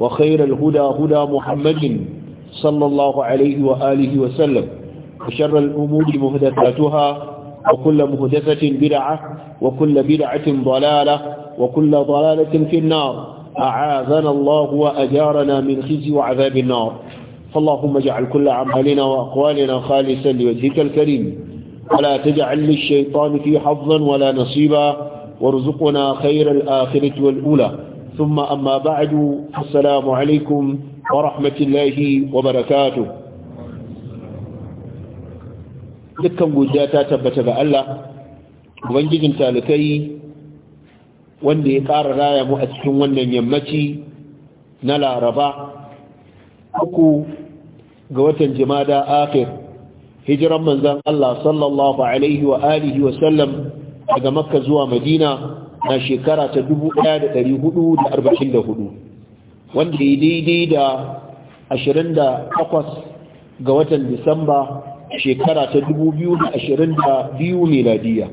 وخير الهدى هدى محمد صلى الله عليه وآله وسلم وشر الأمور مهدثاتها وكل مهدثة بدعة وكل بدعة ضلالة وكل ضلالة في النار أعاذنا الله وأجارنا من خزي وعذاب النار فاللهم اجعل كل عملنا وأقوالنا خالصا لوجهك الكريم ولا تجعل للشيطان في حظا ولا نصيبا وارزقنا خير الآخرة والأولى ثم أما بعد السلام عليكم ورحمة الله وبركاته dukkan guja ta tabbata ga Allah ubangijin talikai wanda ya ƙara raya mu a cikin wannan yammaci na laraba uku ga watan jimada akhir hijiran manzan Allah sallallahu alaihi wa alihi wa sallam daga makka zuwa madina na shekara ta 1444 wanda ya daidai da 28 ga watan disamba shekara ta 2022 meladiya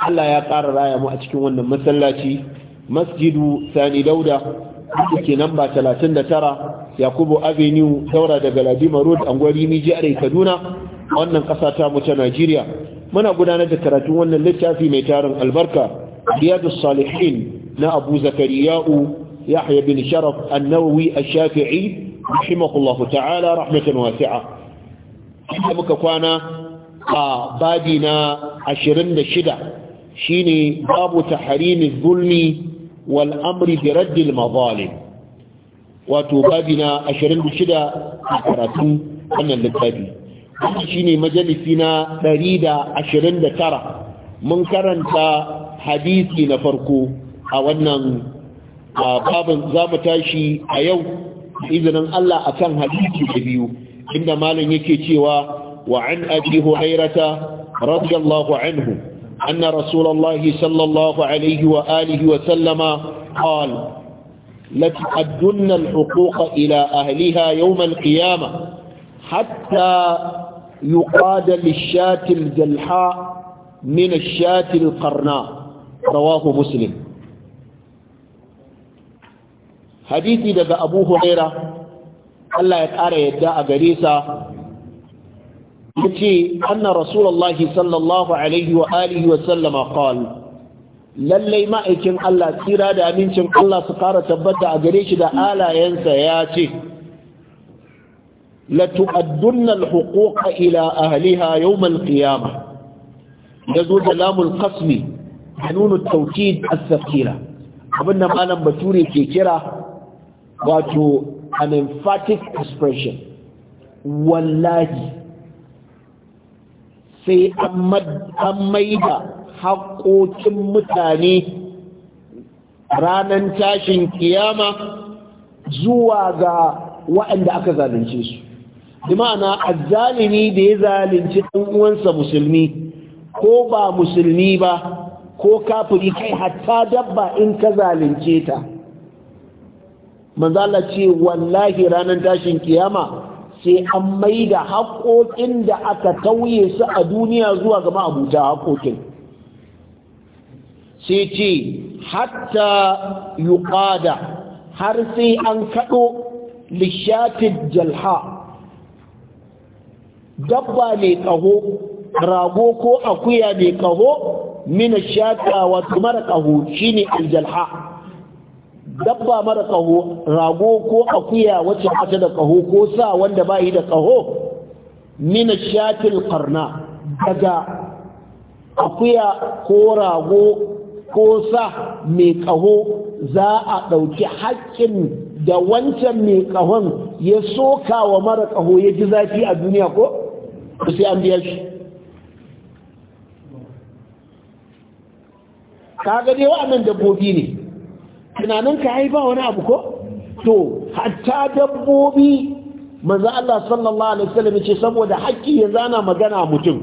Allah ya ƙara raya mu a cikin wannan masallaci masjidu sani dauda wanda ke namba 39 yakubu avenue daura daga ladima road angwari mijiyar kaduna wannan ƙasa ta mu ta najeriya muna gudanar da karatun wannan littafi mai tarin albarka riyadu salihin na abu zakariya'u yahya bin sharaf annawawi ash-shafi'i rahimahullahu ta'ala rahmatan wasi'a inda muka kwana a babi na 26 shine babu tahrimiz zulmi wal amri bi raddil mazalim wato babi na 26 a karatu wannan littafi wannan shine majalisi na tara mun karanta hadisi na farko a wannan babin za mu tashi a yau izinin Allah a kan hadisi da biyu inda malam yake cewa wa'an an abi hurairata radiyallahu anhu أن رسول الله صلى الله عليه وآله وسلم قال لتؤدن الحقوق إلى أهلها يوم القيامة حتى يقاد للشاة الجلحاء من الشاة القرناء rawahu muslim hadisi daga abu huraira Allah ya ƙara yadda a gare sa yace anna rasulullahi sallallahu alaihi wa alihi wa lallai ma'aikin Allah tsira da amincin Allah su kara tabbata a gare shi da alayensa ya ce latu'addunna al-huquqa ila ahliha yawm al-qiyamah da zo da lamul hanunu nuna tauki as-safira abin da malam bature ke kira wato an emphatic expression wallahi sai an maida haƙoƙin mutane ranar tashin kiyama zuwa ga waɗanda aka zalunce su bi ma'ana da ya zalunci ɗan uwansa musulmi ko ba musulmi ba ko kafiri kai hatta dabba in ka zalunce ta manzo ce wallahi ranar tashin kiyama sai an maida haƙoƙin da aka tauye su a duniya zuwa ga abuja haƙoƙin sai ce hatta yi ƙada, har sai an kaɗo lishatid jalha dabba mai ƙaho rago ko akuya mai ƙaho min mara wa marqahu shine aljalha dabba mara kaho rago ko akuya wacce bata da kaho ko sa wanda ba yi da kaho mina shatil qarna daga akuya ko rago ko sa mai kaho za a ɗauki haƙƙin da wancan mai kahon ya soka wa mara kaho ya ji zafi a duniya ko sai an biya shi ka ga dai wa'annan dabbobi ne tunanin ka ai ba wani abu ko to hatta dabbobi manzo Allah sallallahu alaihi wasallam ce saboda haƙƙi yanzu ana magana mutum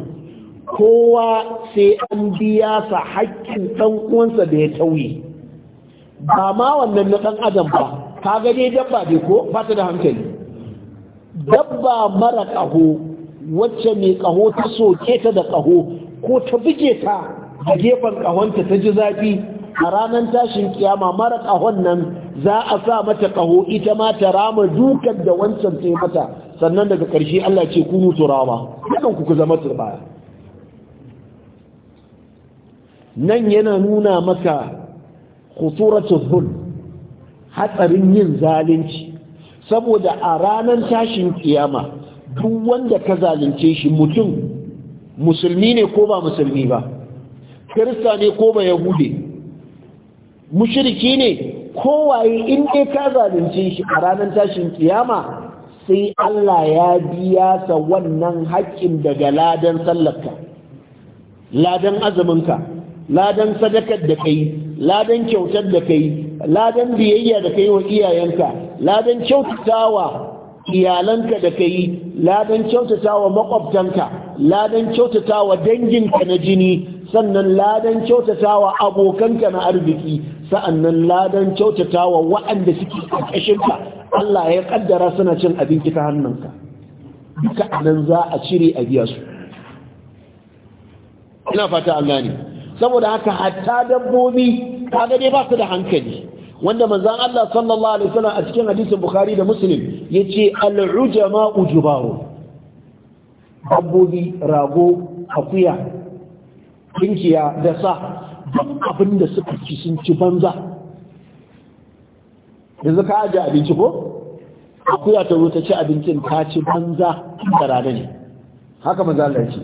kowa sai an biya sa haƙƙin dan uwansa da ya tauye ba ma wannan na dan adam ba ka ga dai dabba dai ko ba ta da hankali dabba mara kaho wacce mai kaho ta soke ta da kaho ko ta buge ta a gefen ƙahonta ta ji zafi a ranar tashin kiyama mara ƙahon nan za a sa mata ƙaho ita ma ta rama dukan da wancan ta mata sannan daga ƙarshe Allah ce kunu turawa dukan ku ku zama baya. nan yana nuna maka kusuratun hatsarin yin zalunci saboda a ranar tashin kiyama duk wanda ka zalunce shi mutum musulmi ne ko ba musulmi ba kirista ne ko ba yahude mushriki ne kowaye in dai ka zalunce shi a ranar tashin kiyama sai Allah ya biya sa wannan haƙƙin daga ladan sallarka ladan azuminka ladan sadakar da kai ladan kyautar da kai ladan biyayya da kai wa iyayenka ladan kyautatawa iyalanka da kai ladan kyautatawa makwabtanka ladan kyautatawa danginka na jini sannan ladan kyautatawa abokanka na arziki sa'annan ladan kyautatawa wa'anda suke ƙarƙashinka Allah ya kaddara suna cin abinci ta hannunka duka nan za a cire a biya su ina fata Allah ne saboda haka hatta dabbobi kaga dai ba su da hankali wanda manzon Allah sallallahu alaihi wasallam a cikin hadisin Bukhari da Muslim yace al-ujama ujubaru dabbobi rago akuya dinkiya da sa duk abin da suka ci sun ci banza yanzu ka aji abinci ko akuya ta ruta ci abincin ta ci banza da rana ne haka maza ce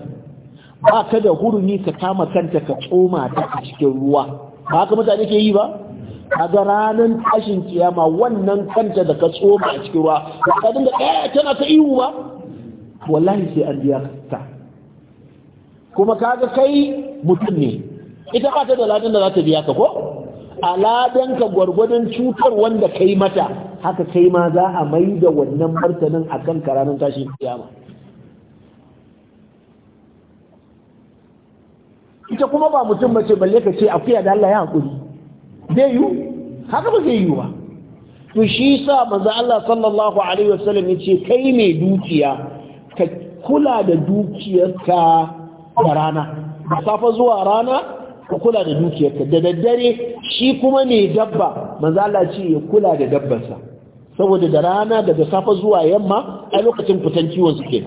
ba ka da hurumi ka kama kanta ka tsoma ta a cikin ruwa ba haka mutane ke yi ba a ga ranar tashin kiyama wannan kanta da ka tsoma a cikin ruwa ba ka dinga ɗaya eh, tana ta ihu ba wallahi sai an biya ta kuma kaga kai mutum ne ita ba ta da ladan da za ta biya ka ko a ladan ka gwargwadon cutar wanda kai mata haka kai ma za a mai da wannan martanin akan karanin tashin kiyama ita kuma ba mutum mace balle ka ce akuya da Allah ya hakuri zai yiwu haka ba zai yiwu ba to shi sa manzo Allah sallallahu alaihi wasallam yace kai ne dukiya ka kula da dukiyarka da rana da safa zuwa rana ka kula da dukiyarka da daddare shi kuma ne dabba manzo Allah ce ya kula da dabbarsa saboda da rana daga safa zuwa yamma a lokacin fitan kiwon suke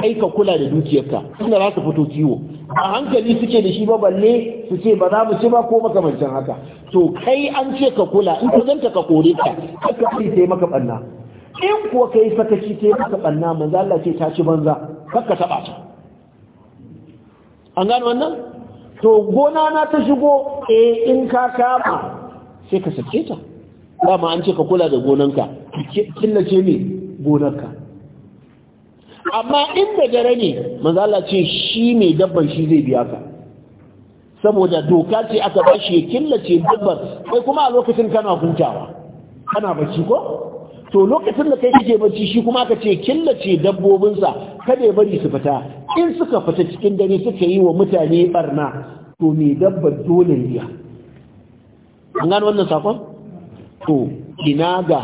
kai ka kula da dukiyarka inda za su fito kiwo a hankali suke da shi ba balle su ce ba za mu ci ba ko makamancin haka to kai an ce ka kula in ka zanta ka kore ka haka taimaka sai maka banna in kuwa kai sakaci sai maka banna manzo Allah ce ta ci banza kakka taɓa ta an gano wannan to gona na ta shigo eh in ka kama sai ka sake ta dama an ce ka kula da gonanka killace ne gonarka amma inda dare ne manzo Allah ce shi ne dabban shi zai biya ka saboda doka ce aka bashi ya killace dabbar sai kuma a lokacin kana hutawa kana bacci ko to lokacin da kai kake bacci shi kuma ka ce killace dabbobinsa kada ya bari su fita in suka fita cikin dare suka yi wa mutane barna to me dabba dole ne an gano wannan sakon to ina ga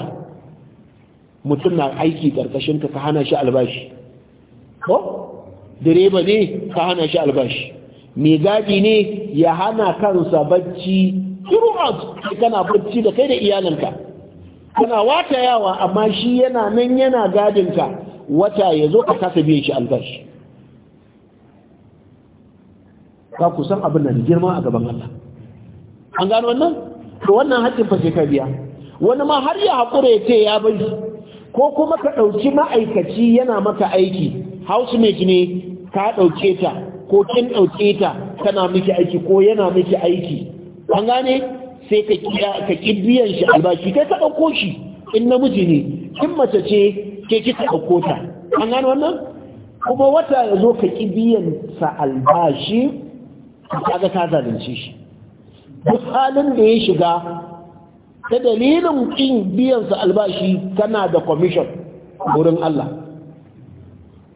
mutum na aiki karkashin ka hana shi albashi ko direba ne ka hana shi albashi mai gadi ne ya hana kansa bacci throughout kana bacci da kai da iyalanka? kana yawa amma shi yana nan yana gadinka wata ya zo a kasa biyan shi albashi ka kusan abin da girma a gaban Allah an gano wannan to wannan haƙƙin fa sai ka biya wani ma har ya haƙura ya ce ya bai ko kuma ka ɗauki ma'aikaci yana maka aiki housemate ne ka ɗauke ta ko kin ɗauke ta kana miki aiki ko yana miki aiki an gane sai ka kira ka kibiyan shi albashi kai ka dauko shi in namiji ne in mace ce ke kika dauko ta an gano wannan kuma wata ya zo ka kibiyan sa albashi ga ta zalunce shi duk halin da ya shiga ta dalilin kin biyan sa albashi tana da commission wurin Allah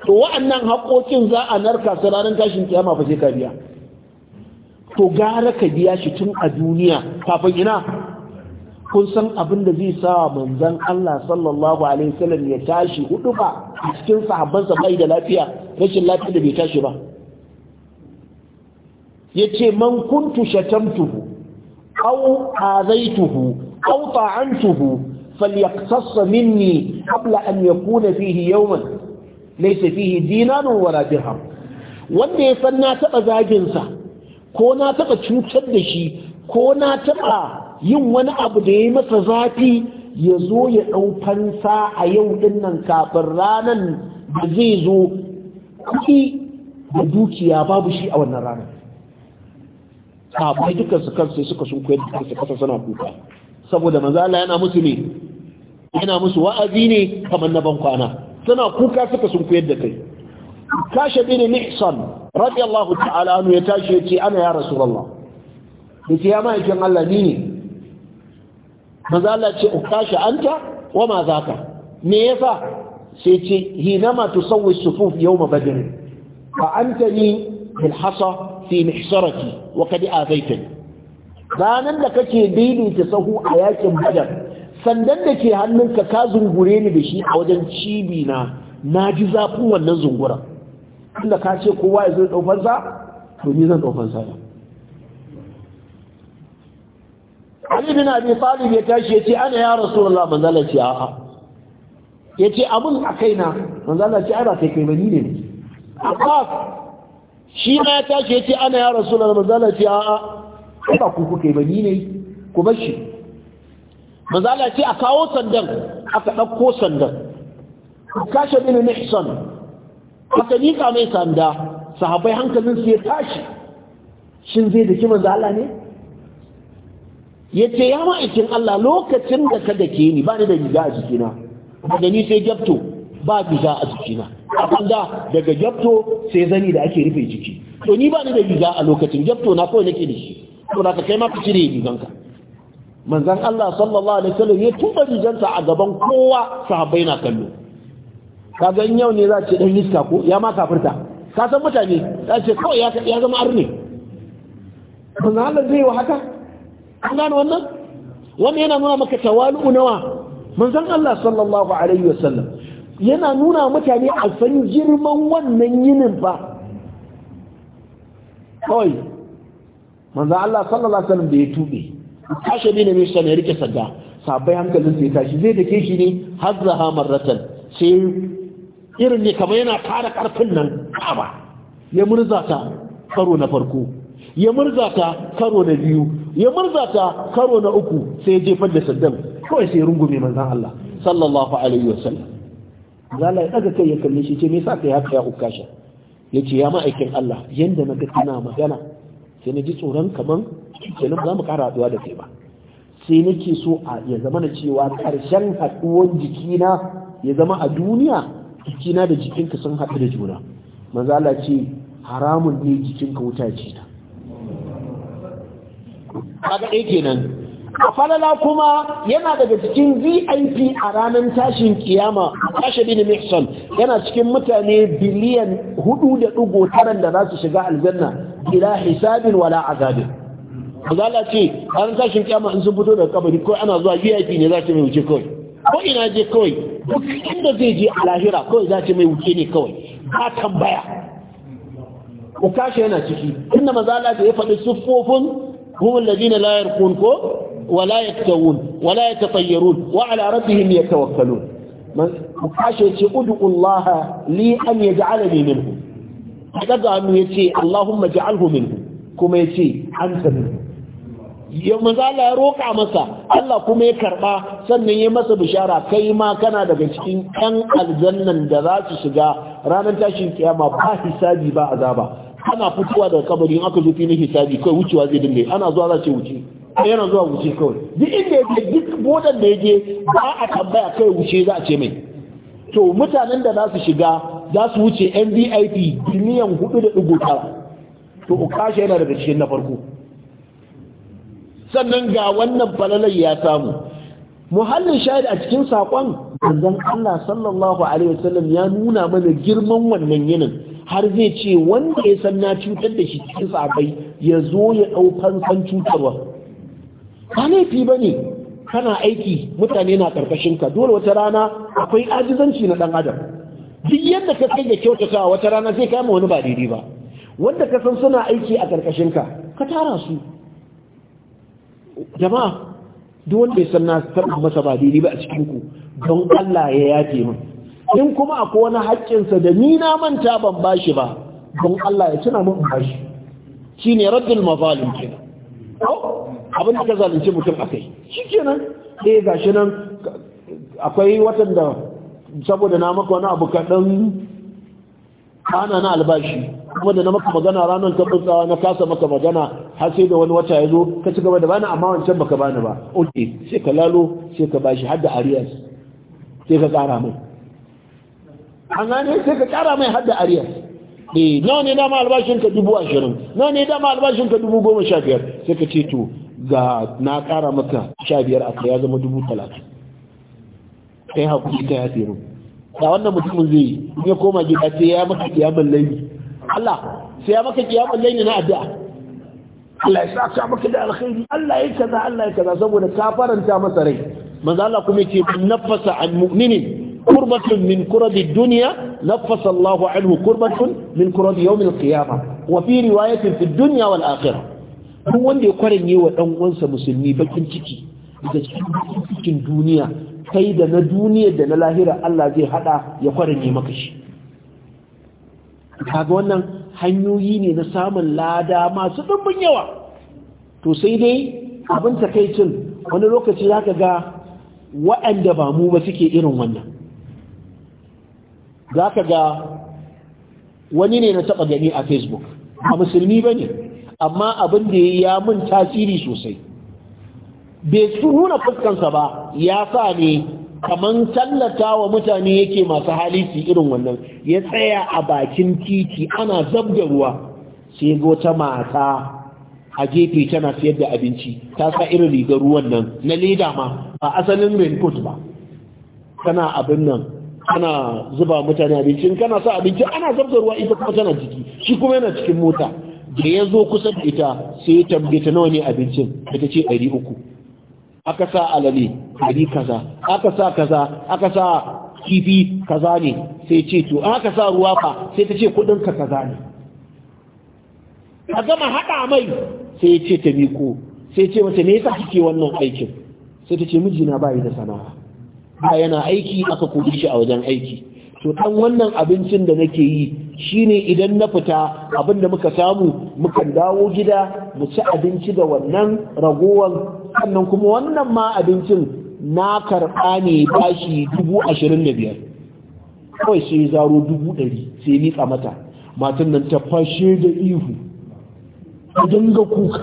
to wa'annan haƙoƙin za a narka su ranar tashin kiyama fa sai ka biya to gara ka biya shi tun a duniya kafin ina kun san abin da zai sa manzon Allah sallallahu alaihi wasallam ya tashi hudu ba a cikin sahabbansa bai da lafiya rashin lafiya da bai tashi ba yace man kuntu shatamtuhu aw azaituhu aw ta'antuhu falyaqtass minni qabla an yakuna fihi yawman laysa fihi dinarun wala dirham wanda ya san na taba zagin sa ko na taɓa cutar da shi ko na taɓa yin wani abu da ya masa zafi ya zo ya ɗau fansa a yau ɗin nan kafin ranar da zai zo kuɗi da dukiya babu shi a wannan ranar kafin dukkan su kansu suka sun koyar da kansu kasa suna kuka saboda manzo Allah yana musu ne yana musu wa'azi ne kamar na ban kwana suna kuka suka sun koyar da kai kashe bin Nixon. radiyallahu ta'ala anu ya tashi ya ce ana ya rasulullah yace ya ma'aikin Allah ni ne maza Allah ce an ta, wa ma ka? me yasa sai ce hinama tusawwi sufuf yawm badr fa antani bil hasa fi mihsarati wa zai azaitani ranan da kake daidaita sahu a yakin badar sandan da ke hannunka ka zungure ni da shi a wajen cibi na na ji zafin wannan zunguran tunda ka ce kowa ya zai ɗaufansa to ni zan ɗaufansa ne Ali bin Abi Talib ya tashi ya ce ana ya Rasulullah manzala ce a'a ya ce abin a kaina manzala ce ana kai kai ba ne Abbas shi ma ya tashi ya ce ana ya Rasulullah manzala ce a'a ba kuku kai ba ne ku bar shi manzala ce a kawo sandan aka ɗauko sandan kashe bin Nihsan aka miƙa mai sanda sahabai hankalin su ya tashi shin zai daki manzo Allah ne yace ya ma'aikin Allah lokacin da ka dake ni ba ni da riga a jikina daga ni sai gyabto ba riga a jikina A daga gyabto sai zani da ake rufe jiki to ni ba ni da riga a lokacin gyabto na kawai nake da shi to na ka kai ma cire riganka manzon Allah sallallahu alaihi wasallam ya tuba rigansa a gaban kowa sahabai na kallo ka ga yau ne za ce ɗan iska ko ya ma kafirta ka san mutane za ce kawai ya zama arne manzo Allah zai wa haka an gano wannan wannan yana nuna maka tawalu nawa manzon Allah sallallahu alaihi wasallam yana nuna mutane a san girman wannan yinin ba kawai manzon Allah sallallahu alaihi wasallam da ya tube tashi ne ne sai ya rike sadda sabai hankalin sai tashi zai dake shi ne hazzaha marratan sai irin ne kamar yana tara karfin nan kaba ya murza ta karo na farko ya murza ta karo na biyu ya murza ta karo na uku sai ya jefar da saddam kawai sai rungume manzan Allah sallallahu alaihi wasallam zala ya daga kai ya kalle shi ce me yasa kai haka ya ukasha yace ya ma'aikin Allah yanda naga kana magana sai na ji tsoron kaman kenan za zamu kara haduwa da kai ba sai nake so a ya zama na cewa ƙarshen haɗuwan jikina ya zama a duniya jikina da jikinka sun haɗu da juna Manzala ce haramun ne jikinka wuta ce ta kaga ɗaya kenan a falala kuma yana daga cikin vip a ranar tashin kiyama tashi bin mixon yana cikin mutane biliyan hudu da ɗigo taran da za su shiga aljanna ila hisabin wala azabin mazala ce ranar tashin kiyama in sun fito daga kabari ko ana zuwa vip ne za su mai wuce kawai ko ina je kawai duk inda zai je a lahira kawai za ce mai wuce ne kawai ba tambaya ukasha yana ciki inda mazala da ya faɗi siffofin humul ladina layar kun ko wala yaktawun wala yatatayyarun wa ala rabbihim yatawakkalun ce yace Laha li an yaj'alani minhu ɗaga hannu ce allahumma ja'alhu minhu kuma yace anta minhu ya mazala ya roƙa masa Allah kuma ya karɓa sannan ya masa bishara kai ma kana daga cikin ɗan aljannan da za su shiga ranar tashin kiyama ba hisabi ba azaba ana fitowa daga kabari in aka zo filin hisabi kai wucewa zai dinga ana zuwa za ce wuce yana zuwa wuce kawai duk inda yake duk bodan da yake ba a tambaya kai wuce za a ce mai to mutanen da za su shiga za su wuce NVIP miliyan 4.9 da to ukasha yana daga cikin na farko sannan ga wannan falalar ya samu muhallin shahid a cikin saƙon manzon Allah sallallahu alaihi wasallam ya nuna mana girman wannan yinin har zai ce wanda ya san na cutar da shi cikin sabai ya zo ya ɗau fansan cutarwa ba laifi ba ne kana aiki mutane na ƙarƙashin ka dole wata rana akwai ajizanci na ɗan adam duk yadda ka kai da kyautatawa wata rana zai kama wani ba daidai ba wanda ka san suna aiki a ƙarƙashin ka, ka tara su jama'a duk wanda ya san na taɓa masa ba daidai ba a cikin ku don Allah ya yafe min in kuma akwai wani sa da ni na manta ban bashi ba don Allah ya tuna min bashi shine raddul mazalim ke abin da ka zalunci mutum akai shikenan eh gashi nan akwai watan da saboda na maka wani abu kaɗan ana na albashi kuma da na maka magana ranar tabbatawa na kasa maka magana har sai da wani wata ya zo ka ci gaba da bani amma wancan baka bani ba ok sai ka lalo sai ka bashi har da arias sai ka kara mai an gane sai ka kara mai har da arias eh nawa ne dama albashin ka dubu ashirin nawa ne dama albashin ka dubu goma sha biyar sai ka ce to ga na kara maka sha biyar a ya zama dubu talatin kai hakuri ta ya mu da wannan mutumin zai yi ya koma gida sai ya maka kiyamun laili Allah sai ya maka kiyamun laili na addu'a Allah ya saka maka da alkhairi Allah ya kaza Allah ya kaza saboda ka faranta masa rai manzo Allah kuma yake nafasa an mu'minin كربة nafasa كرب anhu نفس min عنه كربة من كرب يوم القيامة وفي fi في الدنيا والآخرة هو wanda ya kwarin wa ɗan uwansa musulmi bakin ciki daga da cikin duniya kai da na duniya da na lahira Allah zai hada ya kwaranye maka shi kaga wannan hanyoyi ne na samun lada masu dubbin yawa to sai dai abin takaicin wani lokaci zaka ga waɗanda ba mu ba suke irin wannan zaka ga wani ne na taɓa gani a Facebook ba musulmi bane amma abin da ya yi ya mun tasiri sosai bai su nuna fuskansa ba ya sa ne kaman tallata wa mutane yake masu hali su irin wannan ya tsaya a bakin titi ana zab da ruwa sai zo ta mata a gefe tana siyar da abinci ta sa irin rigar ruwan nan na leda ma ba asalin raincoat ba kana abin nan kana zuba mutane abincin kana sa abinci ana zab da ruwa ita kuma tana jiki shi kuma yana cikin mota da ya zo kusa da ita sai ya tambaye ta nawa ne abincin ita ce ɗari uku aka sa alale hari kaza aka sa kaza aka sa kifi kaza ne sai ce to aka sa ruwa fa sai ta ce kudin ka kaza ne a gama hada mai sai ya ce ta miko sai ce mata me yasa kike wannan aikin sai ta ce mijina ba yi da sana'a ba yana aiki aka kudi shi a wajen aiki to ɗan wannan abincin da nake yi shine idan na fita abin da muka samu mukan dawo gida mu ci abinci da wannan ragowar sannan kuma wannan ma abincin na karɓa ne bashi dubu ashirin da biyar kawai sai zaro dubu ɗari sai nitsa mata matan nan ta fashe da ihu ta dinga kuka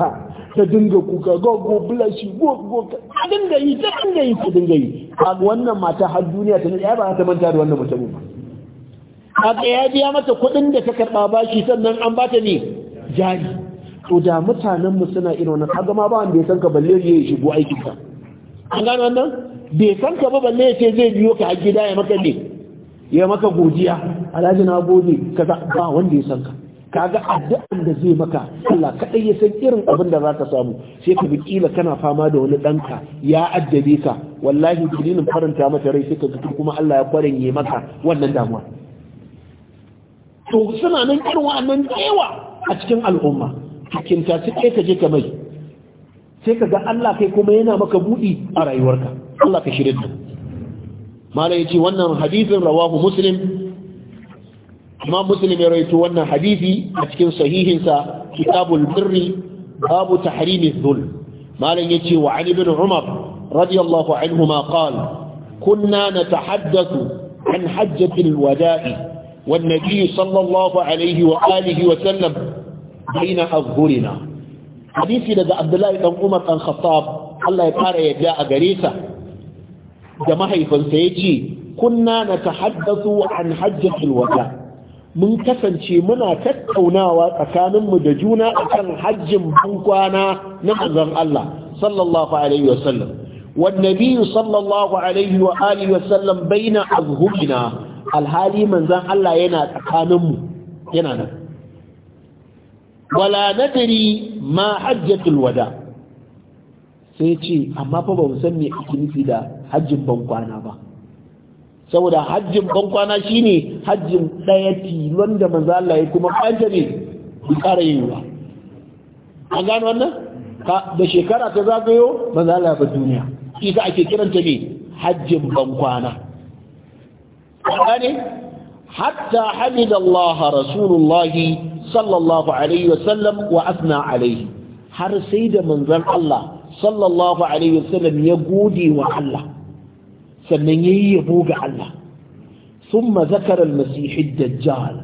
ta dinga kuka go go bless go go ta dinga yi ta dinga yi ta dinga yi A wannan mata har duniya ta ya ba ta manta da wannan mutum ba a ya biya mata kuɗin da ta karɓa bashi sannan an ba ta ne jari to da mutanen mu suna irin wannan kaga ma ba wanda ya san ka balle ya shigo aikin ka an gano wannan bai san ka ba balle ya ce zai biyo ka a gida ya maka ne ya maka godiya alhaji na gode kaza ba wanda ya san ka kaga addu'an da zai maka Allah kadai ya san irin abin da zaka samu sai ka bi kila kana fama da wani danka ya addabe ka wallahi dalilin faranta mata rai sai ka ga kuma Allah ya kwaranye maka wannan damuwa to suna nan irin wa'annan da yawa a cikin al'umma hakinta su kai ka je ka mai sai ka ga Allah kai kuma yana maka buɗi a rayuwarka Allah ka shirin da mala yace wannan hadithin rawahu muslim amma muslim ya rawaito wannan hadisi a cikin sahihinsa kitabul birri babu tahrimi dhul malan yace wa ali ibn umar radiyallahu anhuma qala kunna natahaddathu an hajjatil wada'i والنبي صلى الله عليه وآله وسلم baina azhurina hadisi daga Abdullahi dan Umar dan Khattab Allah ya fara yadda a gare sa da mahaifinsa yace kunna natahaddathu an hajjatul wada mun kasance muna tattaunawa tsakaninmu da juna akan hajjin bankwana na manzon Allah sallallahu alaihi wasallam والنبي صلى الله عليه وآله وسلم بين أظهرنا الحالي من ذا الله ينا تقانم ينا wala nadri ma hajjatul wada sai ce amma fa ba mu san me ake nufi da hajjin ban kwana ba saboda hajjin ban kwana shine hajjin daya tilon da manzo Allah ya kuma kanta ne bi kara yin ba gano wannan ka da shekara ta zagayo manzo Allah ba duniya ita ake kiranta ne hajjin ban kwana gane hatta hamidallah rasulullahi sallallahu alaihi wasallam wa asna alaihi har sai da manzon Allah sallallahu alaihi wasallam ya gode wa Allah sannan yayi yabo ga Allah thumma zakara al-masih ad-dajjal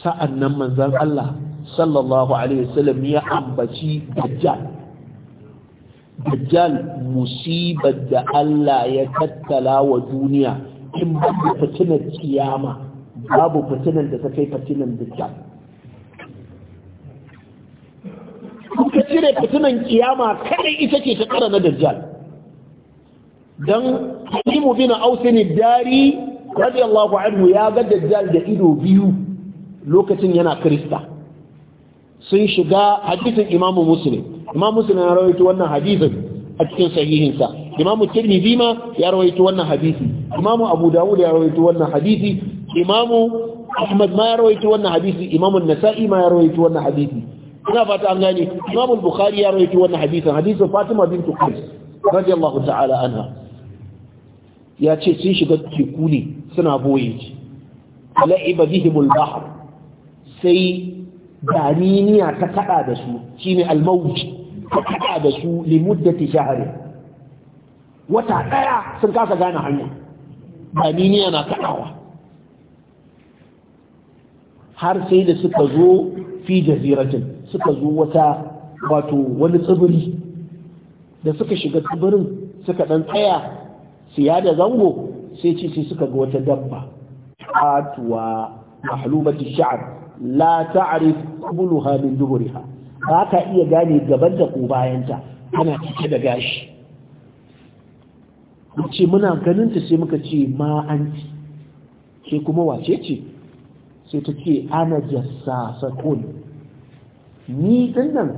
sa'annan manzon Allah sallallahu alaihi wasallam ya ambaci dajjal dajjal musibar da Allah ya tattala wa duniya in ba ta tuna kiyama babu fitinan da ta kai fitinan dukkan kuka cire fitinan kiyama kadai ita ce ta kara na dajjal Don Halimu bin Ausin Dari radiyallahu anhu ya ga dajjal da ido biyu lokacin yana Kirista sun shiga hadisin Imam Muslim Imam Muslim ya rawaito wannan hadisin a cikin sahihinsa Imam Tirmidhi ma ya rawaito wannan hadisi Imam Abu Dawud ya rawaito wannan hadisi امام احمد ما يروي تونا حديثي امام النسائي ما يروي تونا حديثي انا فات انغاني امام البخاري يروي تونا حديثا حديث فاطمه بنت قيس رضي الله تعالى عنها يا شي سي شي دك كوني سنا بويجي لعب بهم البحر سي داريني اتكدا شو شيني الموج اتكدا شو لمده شهر وتعالى سنكاسا غانا حنيه داريني انا تكاوا har sai da suka zo fi jaziratin suka zo wata wato wani tsibiri da suka shiga tsibirin suka dan tsaya ya da zango sai ce sai suka ga wata dabba atuwa mahlubatu sha'ar la ta'rif qubulaha min duburiha ba ka iya gane gaban da ko bayanta ana cike da gashi ce muna ganin ta sai muka ce ma anti ke kuma wace ce sai ta ce ana sakon ni nan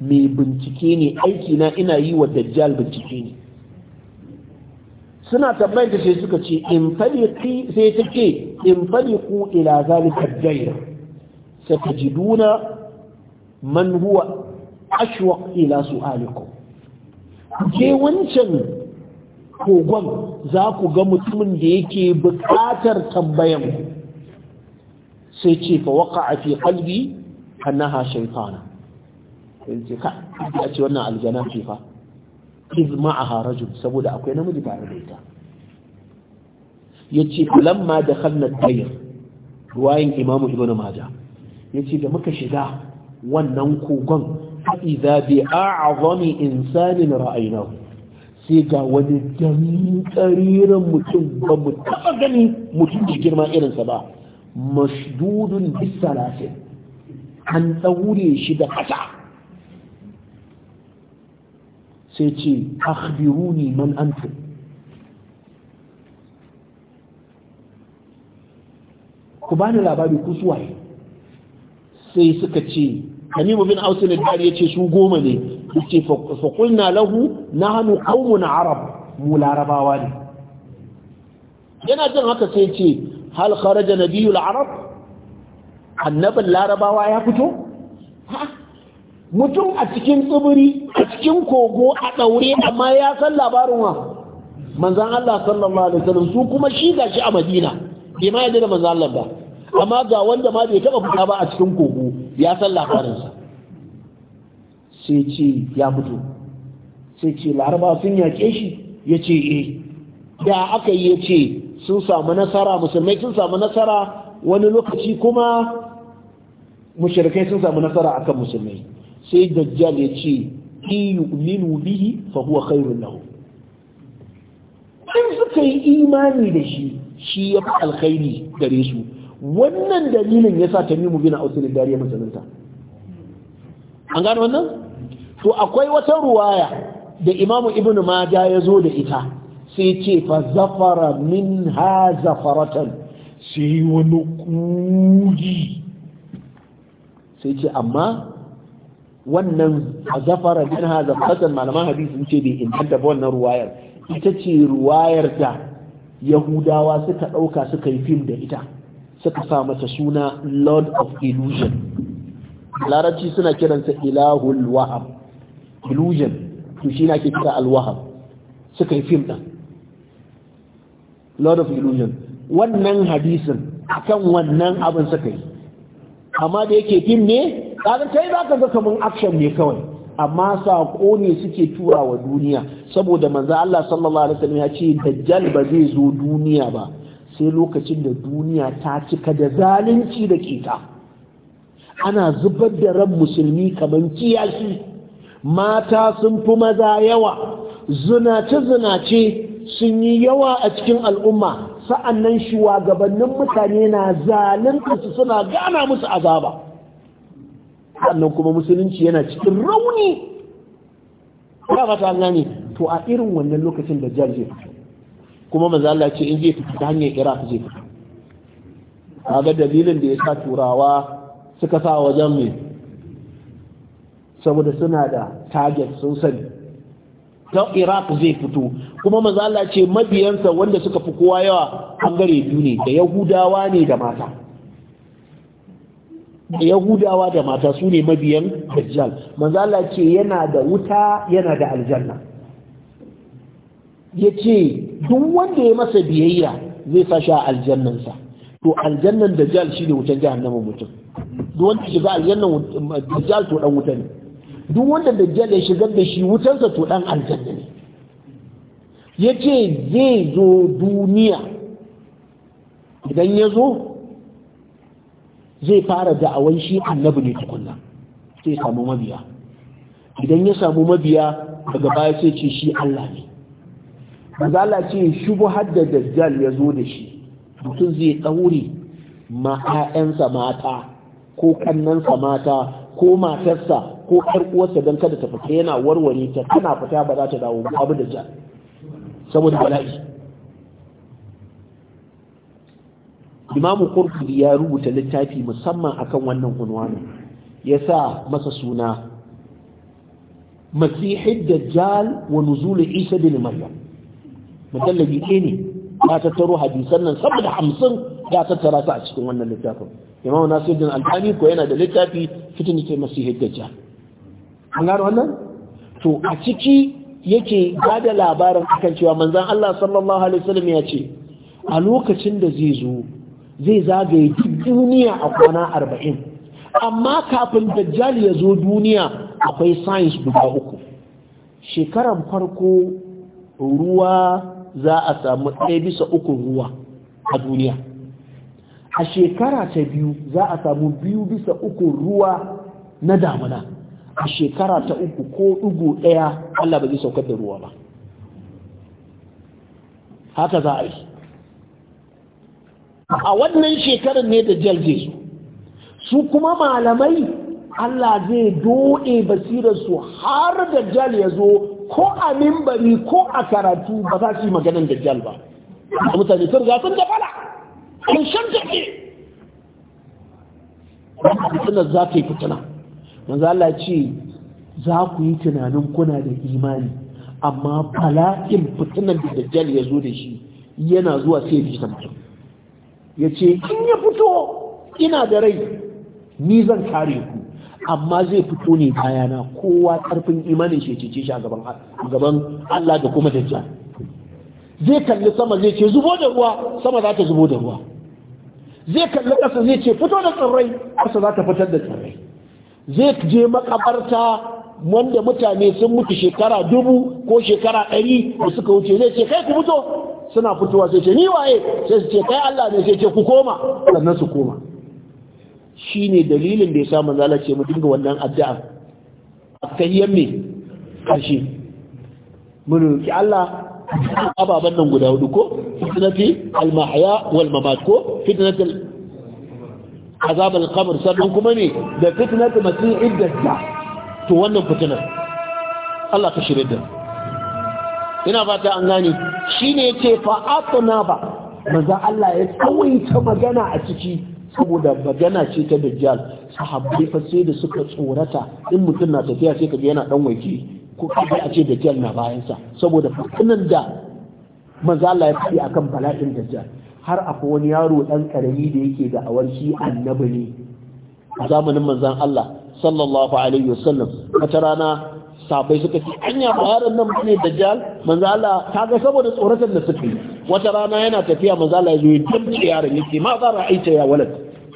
mai bincike ne aiki na ina yi wa dajjal bincike ne suna tambayar da sai suka ce in ki, sai ta ce in fariqu ila zalika dajjal satajiduna man huwa ashwaq ila su'alikum je wancan kogon za ku ga mutumin da yake buƙatar tambayan ku sai ce fa waqa'a fi qalbi naha shaytana sai ka a ce wannan aljana ce fa iz a harajun saboda akwai namiji tare da ita yace lamma kallon tayar ruwayin imamu ibnu Ya yace da muka shiga wannan kogon idza bi a'zami insanin ra'ayinau sai ga wani dan tsariran mutum ba mu taba gani mutum da girma irinsa ba masdudun bisalasin an ɗaure shi da ƙasa sai ce akhbiruni man antum ku bani labari ku suwaye sai suka ce Tamimu bin Aus ne yace su goma ne yace fa qulna lahu nahnu na arab mu larabawa ne yana jin haka sai yace hal kharaja nabiyul arab annabin larabawa ya fito mutum a cikin tsibiri a cikin kogo a ɗaure amma ya san labarin wa manzan Allah sallallahu alaihi wasallam su kuma shi gashi a Madina bai ma yadda da manzan Allah ba amma ga wanda ma bai taba fita ba a cikin kogo ya san labarinsa sai ce ya fito sai ce laraba sun yaƙe shi ya ce eh da aka yi ya ce sun samu nasara musulmai sun samu nasara wani lokaci kuma mushrikai sun samu nasara akan musulmai sai dajjal ya ce in yu'minu bihi fa huwa khairun lahu in suka yi imani da shi shi ya fi alkhairi gare su wannan dalilin ya sa tamimu bin ausul dariya musulunta an gano wannan to akwai wata ruwaya da imamu ibnu majah ya zo da ita sai ce fa zafara min ha zafaratan sai wani kugi sai ce amma wannan zafara min ha zafaratan malaman sun ce bai inganta ba wannan ruwayar ita ce ruwayar da yahudawa suka ɗauka suka yi fim da ita suka sa mata suna lord of illusion larabci suna kiransa ilahul wahab illusion to shi na ke kira alwahab suka yi fim ɗin lord of illusion wannan hadisin akan wannan abin suka yi amma da yake fim ne kaga kai za ka ga kaman action ne kawai amma saƙo ne suke tura wa duniya saboda manzo Allah sallallahu alaihi wasallam ya ce dajjal ba zai zo duniya ba sai lokacin da duniya ta cika da zalunci da kita ana zubar da ran musulmi kaman kiyashi mata sun fi maza yawa zinace-zinace sun yi yawa a cikin al'umma sa'annan shugabannin mutane na su suna gana musu azaba sannan kuma musulunci yana cikin rauni ba ta gane to a irin wannan lokacin da jar zai fito kuma mazala ce in zai fito ta hanyar Iraq zai fito ga dalilin da ya sa turawa suka sa wajen mai saboda suna da target sun sani ta iraq zai fito kuma maza Allah ce mabiyansa wanda suka fi kowa yawa bangare biyu ne da yahudawa ne da mata da yahudawa da mata su ne mabiyan dajjal maza Allah ce yana da wuta yana da aljanna ya ce duk wanda ya masa biyayya zai sashi a aljannansa to aljannan dajjal shi ne wutan jahannama mutum duk wanda shiga aljannan dajjal to dan wuta ne duk wanda dajjal ya shigar da shi wutansa to dan aljanna ne ya ce zai zo duniya idan ya zo zai fara da'awan shi annabi ne tukunna sai samu mabiya idan ya samu mabiya daga baya sai ce shi Allah ne Allah ce shubuhar da dajjal ya zo da shi mutum zai ɗaure ma'a'yansa mata ko kannansa mata ko matarsa ko ƴar uwarsa dan kada ta fita yana warware ta tana fita ba za ta dawo ba abu da ja saboda bala'i imamu qurtubi ya rubuta littafi musamman akan wannan unwanin yasa masa suna masihid dajjal wa nuzul isa bin maryam mutallabi ne ya tattaro hadisan nan saboda hamsin ya tattara su a cikin wannan littafin imam nasiruddin albani ko yana da littafi fitin ke masihid dajjal an gano wannan to a ciki yake da labarin akan cewa manzon Allah sallallahu alaihi wasallam ya ce a lokacin da zai zo zai zagaye duniya a kwana arba'in amma kafin dajjal ya zo duniya akwai science guda uku shekaran farko ruwa za a samu ɗaya bisa uku ruwa a duniya a shekara ta biyu za a samu biyu bisa uku ruwa na damuna a shekara ta uku ko ɗugu ɗaya Allah ba zai saukar da ruwa ba haka za a yi a wannan shekarar ne da jal zai zo su kuma malamai Allah zai doɗe su har da jal ya zo ko a mimbari ko a karatu ba za su yi maganin da jal ba a mutane sun ga sun gabala kun shan take Wannan za ta yi fitina manzo Allah ce za ku yi tunanin kuna da imani amma bala'in fitinan da dajjal ya zo da shi yana zuwa sai bi mutum ya ce in ya fito ina da rai ni zan kare ku amma zai fito ne bayana kowa karfin imanin shi cece shi a gaban Allah da kuma dajjal zai kalli sama zai ce zubo da ruwa sama za ta zubo da ruwa zai kalli ƙasa zai ce fito da tsirrai ƙasa za ta fitar da tsirrai zai je makabarta wanda mutane sun mutu shekara dubu ko shekara ɗari da suka wuce zai ce kai ku mutu suna fitowa sai ce ni waye sai su ce kai Allah ne sai ce ku koma sannan su koma shine dalilin da ya sa manzo mu dinga wannan addu'a akayyan me karshe mun roki Allah ababan nan guda hudu ko fitnati al-mahya wal mamat ko fitnatul azabar qabr sannan kuma ne da fitnatu masih idda to wannan fitinar Allah ka shirya da ina fata an gane ne yace fa atna ba manzo Allah ya tsawaita magana a ciki saboda magana ce ta dajjal sahabbai fa sai da suka tsorata in mutum na tafiya sai ka kaga yana dan waje ko kaga a ce dajjal na bayansa saboda fitinan da manzo Allah ya faɗi akan bala'in dajjal har akwai wani yaro ɗan ƙarami da yake da awar shi annabi ne a zamanin manzan Allah sallallahu alaihi wasallam wata rana sabai suka ce anya ba yaron nan bane dajjal manzo Allah ga saboda tsoratar da yi wata rana yana tafiya manzo Allah ya zo ya damce yaron yace ma za ra'aita ya walad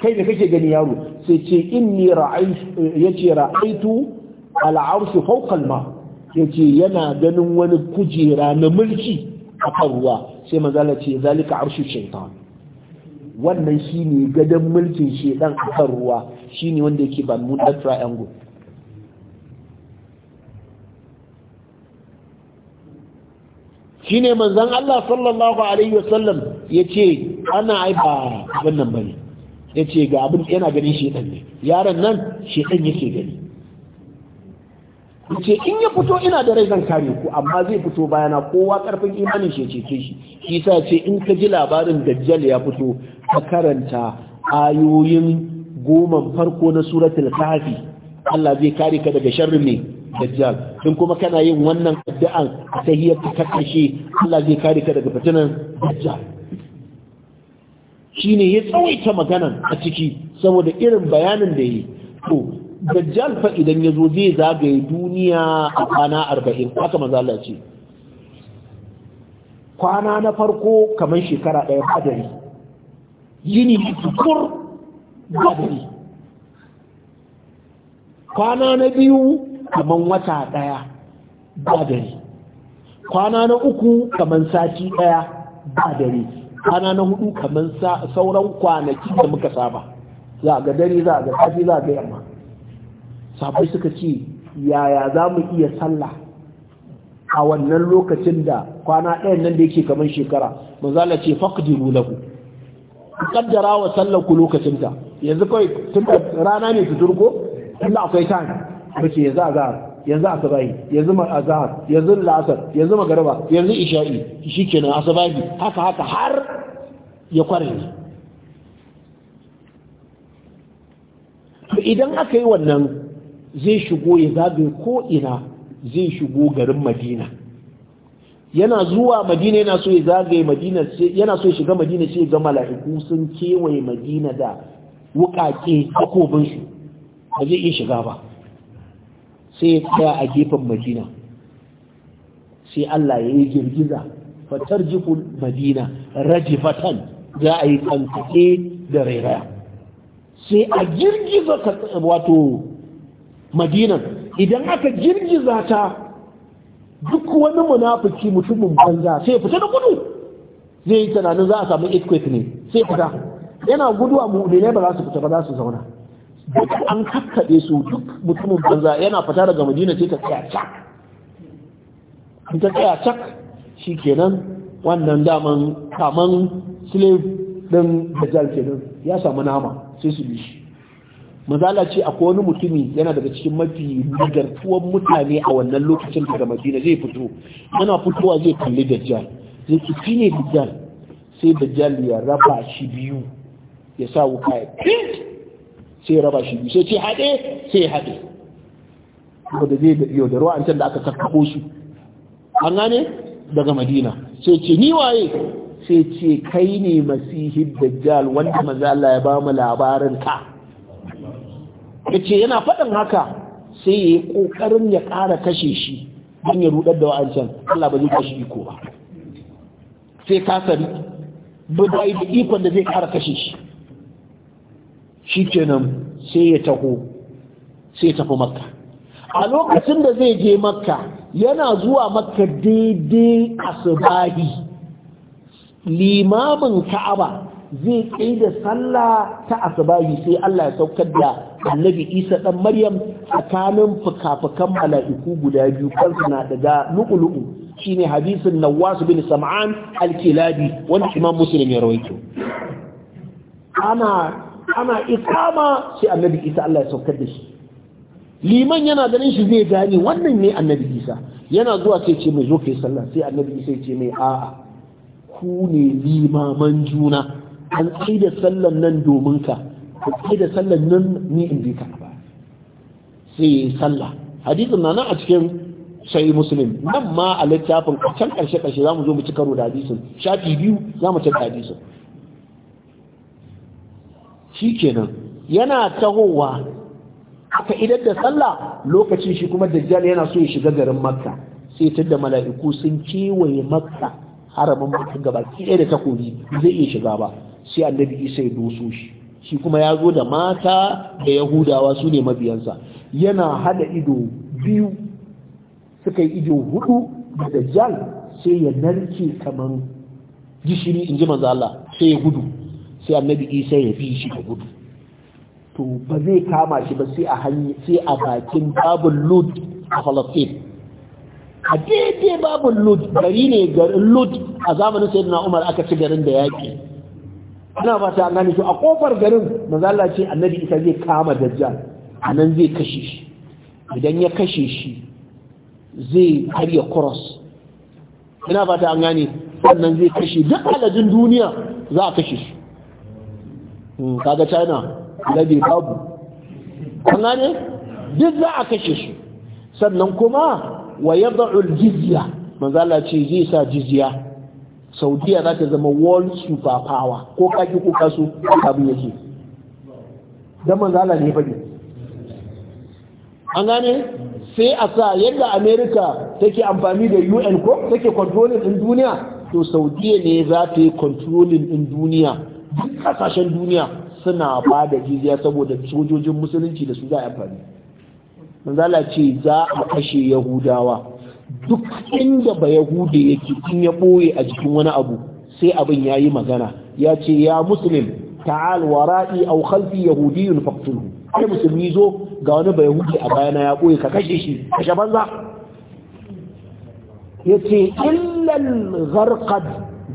kai da kake gani yaro sai ce inni ra'aitu ce ra'aitu al'arshu fawqa al-ma yace yana ganin wani kujera na mulki a kan ruwa sai mazala ce zalika arshu shaitan wannan shine gadon mulkin shedan a kan ruwa shine wanda yake bermuda triangle shine manzon Allah sallallahu alaihi wasallam yace ana aiba abin nan bane yace ga abin yana ganin shedan ne yaron nan shedan yake gani ce in ya fito ina da rai zan kare ku amma zai fito bayana kowa karfin imanin shi ce shi shi sa ce in ka ji labarin dajjal ya fito ka karanta ayoyin goman farko na suratul kahfi Allah zai kare ka daga sharri ne dajjal in kuma kana yin wannan addu'an a tahiyar ka kashe Allah zai kare ka daga fitinan dajjal shine ya tsawaita maganan a ciki saboda irin bayanin da yi to dajjal fa idan ya zo zai zagaye duniya a kwana arba'in haka manzo Allah ce kwana na farko kamar shekara ɗaya hadari yini tukur hadari kwana na biyu kamar wata ɗaya hadari kwana na uku kamar sati ɗaya hadari kwana na hudu kamar sauran kwanaki da muka saba za a ga dare za a ga safi za a ga yamma sabai suka ce yaya za mu iya sallah a wannan lokacin da kwana ɗayan nan da yake kamar shekara manzala ce faqdiru lahu kaddara wa sallar ku lokacin ta yanzu kawai tun da rana ne su turko Allah akwai time bace yanzu azhar yanzu asabahi yanzu ma azhar yanzu la'asar yanzu magariba yanzu isha'i shikenan asabahi haka haka har ya kware ne idan aka yi wannan zai shigo ya zagaye ko ina zai shigo garin madina yana zuwa madina yana so ya zagaye madina yana so ya shiga madina sai ga mala'iku sun kewaye madina da wukake takobin ba zai iya shiga ba sai ya tsaya a gefen madina sai Allah ya yi girgiza fatar jifin madina rajifatan za a yi kankake da rairaya sai a girgiza wato madinan idan aka girgiza ta duk wani munafuki mutumin banza sai fita da gudu zai yi tunanin za a samu earthquake ne sai fita yana gudu a mu'minai ba za su fita ba za su zauna duk an kakkaɗe su duk mutumin banza yana fita daga madina sai ta tsaya cak in ta tsaya cak shi kenan wannan daman kaman slave da dajjal kenan ya samu nama sai su bi shi mazala ce akwai wani mutumi yana daga cikin mafi nagartuwan mutane a wannan lokacin daga madina zai fito yana fitowa zai kalli dajjal zai ki fi ne dajjal sai dajjal ya raba shi biyu ya sa wuka ya pint sai ya raba shi biyu sai ce haɗe sai ya haɗe kuma da zai yau da ruwa an can da aka kakkaɓo su an gane daga madina sai ce ni waye sai ce kai ne masihid dajjal wanda mazala ya ba mu labarin ka yace yana faɗin haka sai ya yi ƙoƙarin ya ƙara kashe shi don ya rudar da wa'ancan Allah ba zai kashe iko ba sai kasari ba da da ikon da zai ƙara kashe shi shi kenan sai ya taho sai ya tafi makka a lokacin da zai je makka yana zuwa makka daidai asubahi limamin ka'aba zai tsaye da sallah ta asbahi sai Allah ya saukar da annabi Isa dan Maryam tsakanin fuka-fukan mala'iku guda biyu kansu na daga lu'ulu'u shine hadisin Nawas bin Sam'an al-Kilabi wanda Imam Muslim ya rawaito ana ana ikama sai annabi Isa Allah ya saukar da shi liman yana ganin shi zai gane wannan ne annabi Isa yana zuwa sai ce mai zo kai sallah sai annabi Isa ya ce mai a'a ku ne limaman juna an da sallan nan domin ka an da sallan nan ni in bi ka sai sallah hadisin na nan a cikin sai muslim nan ma a littafin a can karshe karshe za mu zo mu ci karo da hadisin shafi biyu za mu ci hadisin shi kenan yana tahowa aka idar da sallah lokacin shi kuma dajjal yana so ya shiga garin makka sai da mala'iku sun kewaye makka haramin makka gaba ki da takobi zai iya shiga ba sai annabi isa ya doso shi shi kuma ya zo da mata da yahudawa su ne mabiyansa yana hada ido biyu suka yi ido hudu da dajjal sai ya narke kamar gishiri in ji manzo Allah sai ya gudu sai annabi isa ya bi shi da gudu to ba zai kama shi ba sai a hanyar sai a bakin babul lud a falastin a daidai babul lud gari ne garin lud a zamanin sayyidina umar aka ci garin da yaki Ana ba ta gane su a kofar garin manzo Allah ce annabi isa zai kama dajjal anan zai kashe shi idan ya kashe shi zai karya cross ina ba ta gane wannan zai kashe duk aladun duniya za a kashe shi hmm, kaga china labi babu an gane duk za a kashe shi sannan kuma wa yad'u al-jizya manzo Allah ce zai sa jizya saudiya za ta zama world super power ko kaki ko kasu abu yake don manzala ne fage an gane sai a sa yadda ta take amfani da un ko take controlling din duniya to saudiya ne za ta yi controlling din duniya duk kasashen duniya suna ba da jiziya saboda sojojin musulunci da su za a amfani manzala ce za a kashe yahudawa duk inda ba yahude yake in ya ɓoye a jikin wani abu sai abin ya yi magana ya ce ya musulun ta'al wa wara'i aw khalfi yahudiyyun faqtulhu ai musulmi zo ga wani ba yahudi a bayana ya ɓoye ka kashe shi shaban banza ya ce illal gharqad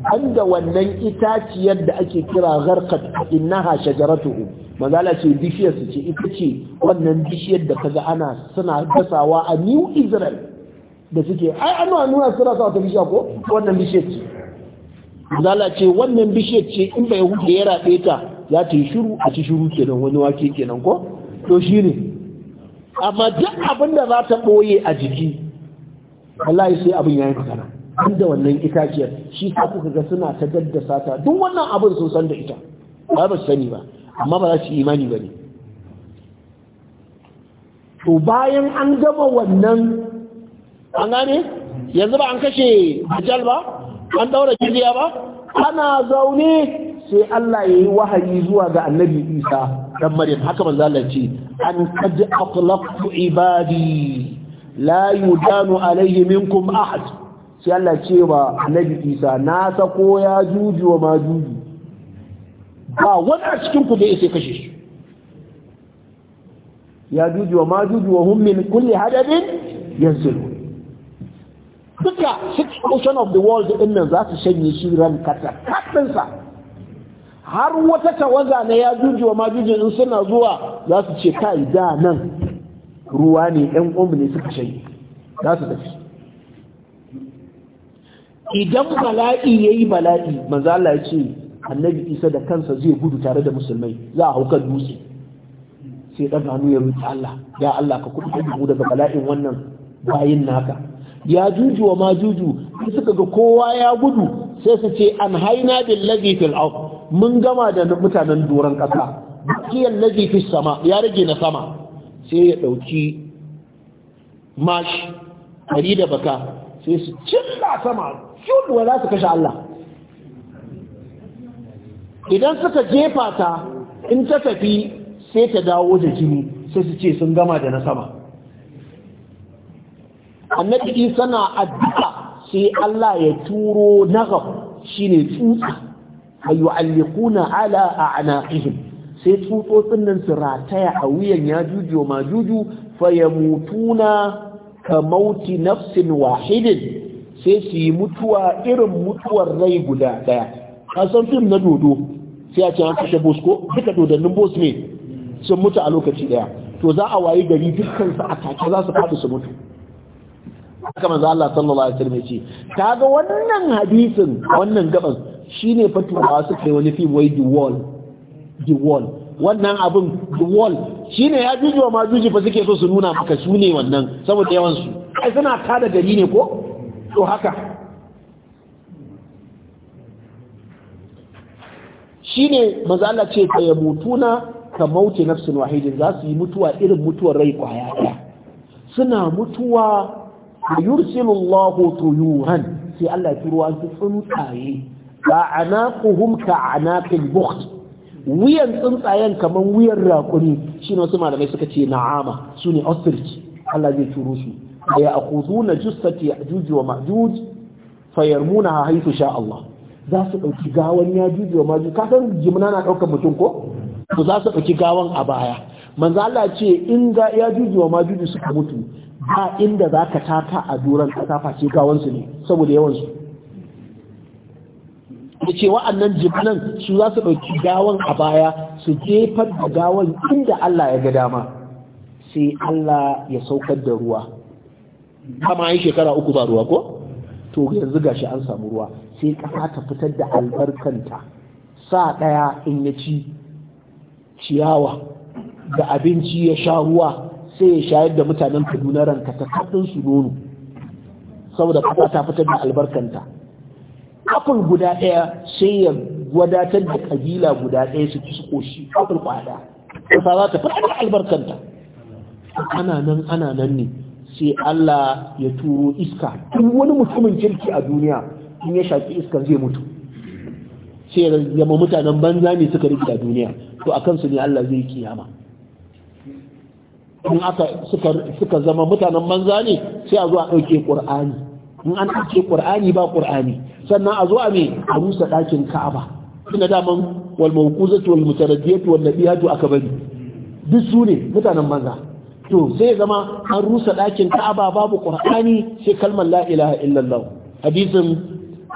banda wannan itaciyar da ake kira gharqad innaha shajaratuhu mazala ce bishiyar su ce ita ce wannan bishiyar da kaga ana suna gasawa a new israel da suke ai an nuna nuna suna sa ta bishiya ko wannan bishiyar ce zala ce wannan bishiyar ce in bai huke ya rabe ta ya ta yi shiru a ci shiru kenan wani wake kenan ko to shi ne amma duk abin da za ta ɓoye a jiki wallahi sai abin ya yi magana inda wannan itaciyar shi sa kuka ga suna ta daddasa ta duk wannan abin sun san da ita ba ba sani ba amma ba za su imani ba ne to bayan an gama wannan an gane yanzu ba an kashe dajjal ba an daura jiriya ba ana zaune sai Allah ya yi wahayi zuwa ga annabi Isa dan Maryam haka manzo Allah ce an qad aqlaqtu ibadi la yudanu alayhi minkum ahad sai Allah ce wa annabi Isa na sako ya juju wa ma juju ba wani a cikin ku da yake kashe shi ya juju wa ma juju wa hum min kulli hadabin yanzilu duka six ocean of the world in nan za su shanye shi ran kata katinsa har wata tawaza na ya juji wa majuji in suna zuwa za su ce kai da nan ruwa ne yan ƙwambu ne suka shanye za su tafi idan bala'i ya yi bala'i manzala ya ce annabi isa da kansa zai gudu tare da musulmai za a kan dutse sai ɗan hannu ya rufe Allah ya Allah ka kuɗi daga bala'in wannan bayin naka ya juju wa ma juju in suka ga kowa ya gudu sai su ce an haina ladhi fil ard mun gama da mutanen doron kasa kiyan ladhi fis sama ya rage na sama sai ya dauki mash hari da baka sai su cilla sama shudu za su kashe Allah idan suka jefa ta in ta tafi sai ta dawo da jini sai su ce sun gama da na sama annabi isa na addu'a sai Allah ya turo nagab shine tsutsa alliquna ala a'naqihim sai tsutsotsin nan su rataya a wuyan ya juju ma juju yamutuna ka mauti nafsin wahidin sai su yi mutuwa irin mutuwar rai guda daya kasan fim na dodo sai a ce an kashe bos ko duka dodannin bos ne sun mutu a lokaci daya to za a wayi gari dukkan su a take za su fadi su mutu haka manzo Allah sallallahu alaihi wasallam yace kaga wannan hadisin wannan gaban shine fatuwa su kai wani fim wai the wall the wall wannan abin the wall shine ya juji wa majuji fa suke so su nuna maka su ne wannan saboda yawan su ai suna tada gari ne ko to haka shine manzo Allah ce fa yamutuna ka mauti nafsin wahidin za su yi mutuwa irin mutuwar rai kwaya suna mutuwa ayursilu Allahu tuyuhan sai Allah ya turo su tsuntsaye ba anaquhum ka anaqil bukht wuyan tsuntsayen kaman, wuyan rakuri shine wasu malamai suka ce na'ama sune ostrich Allah zai turo su ya akhuduna jussati ya'juj wa ma'juj fayarmunaha haythu sha Allah za su dauki gawan ya'juj wa ma'juj ka san jimna na daukar mutum ko to za su dauki gawan a baya manzo Allah ce in ga ya'juj wa ma'juj suka mutu ba inda za ka tata a duran ƙasa face gawansu ne saboda yawansu da ce wa'annan jibinan su za su ɗauki gawan a baya su jefar da gawan inda Allah ya ga dama sai Allah ya saukar da ruwa kama yi shekara uku ba ruwa ko? to yanzu gashi an samu ruwa sai ƙasa ta fitar da albarkanta sa ɗaya in ya ci ciyawa da abinci ya sha ruwa sai ya shayar da mutanen kaduna ranka ta kaɗin su nono saboda ƙasa ta fitar da albarkanta apple guda ɗaya sai ya wadatar da ƙabila guda ɗaya su ci ƙoshi apple ƙwada ƙasa za ta fitar da albarkanta ana nan ana nan ne sai Allah ya turo iska in wani mutumin kirki a duniya in ya shaƙi iskan zai mutu sai ya zama mutanen banza ne suka rike a duniya to a kansu ne Allah zai kiyama in aka suka zama mutanen manza ne sai a zo a ɗauke ƙur'ani in an ɗauke ƙur'ani ba ƙur'ani sannan a zo a me a rusa ɗakin ka'aba tunda daman wal mawquzatu wal mutaraddiyatu wal nabiyatu aka bari duk su ne mutanen manza. to sai zama an rusa ɗakin ka'aba babu ƙur'ani sai kalmar la ilaha illallah hadisin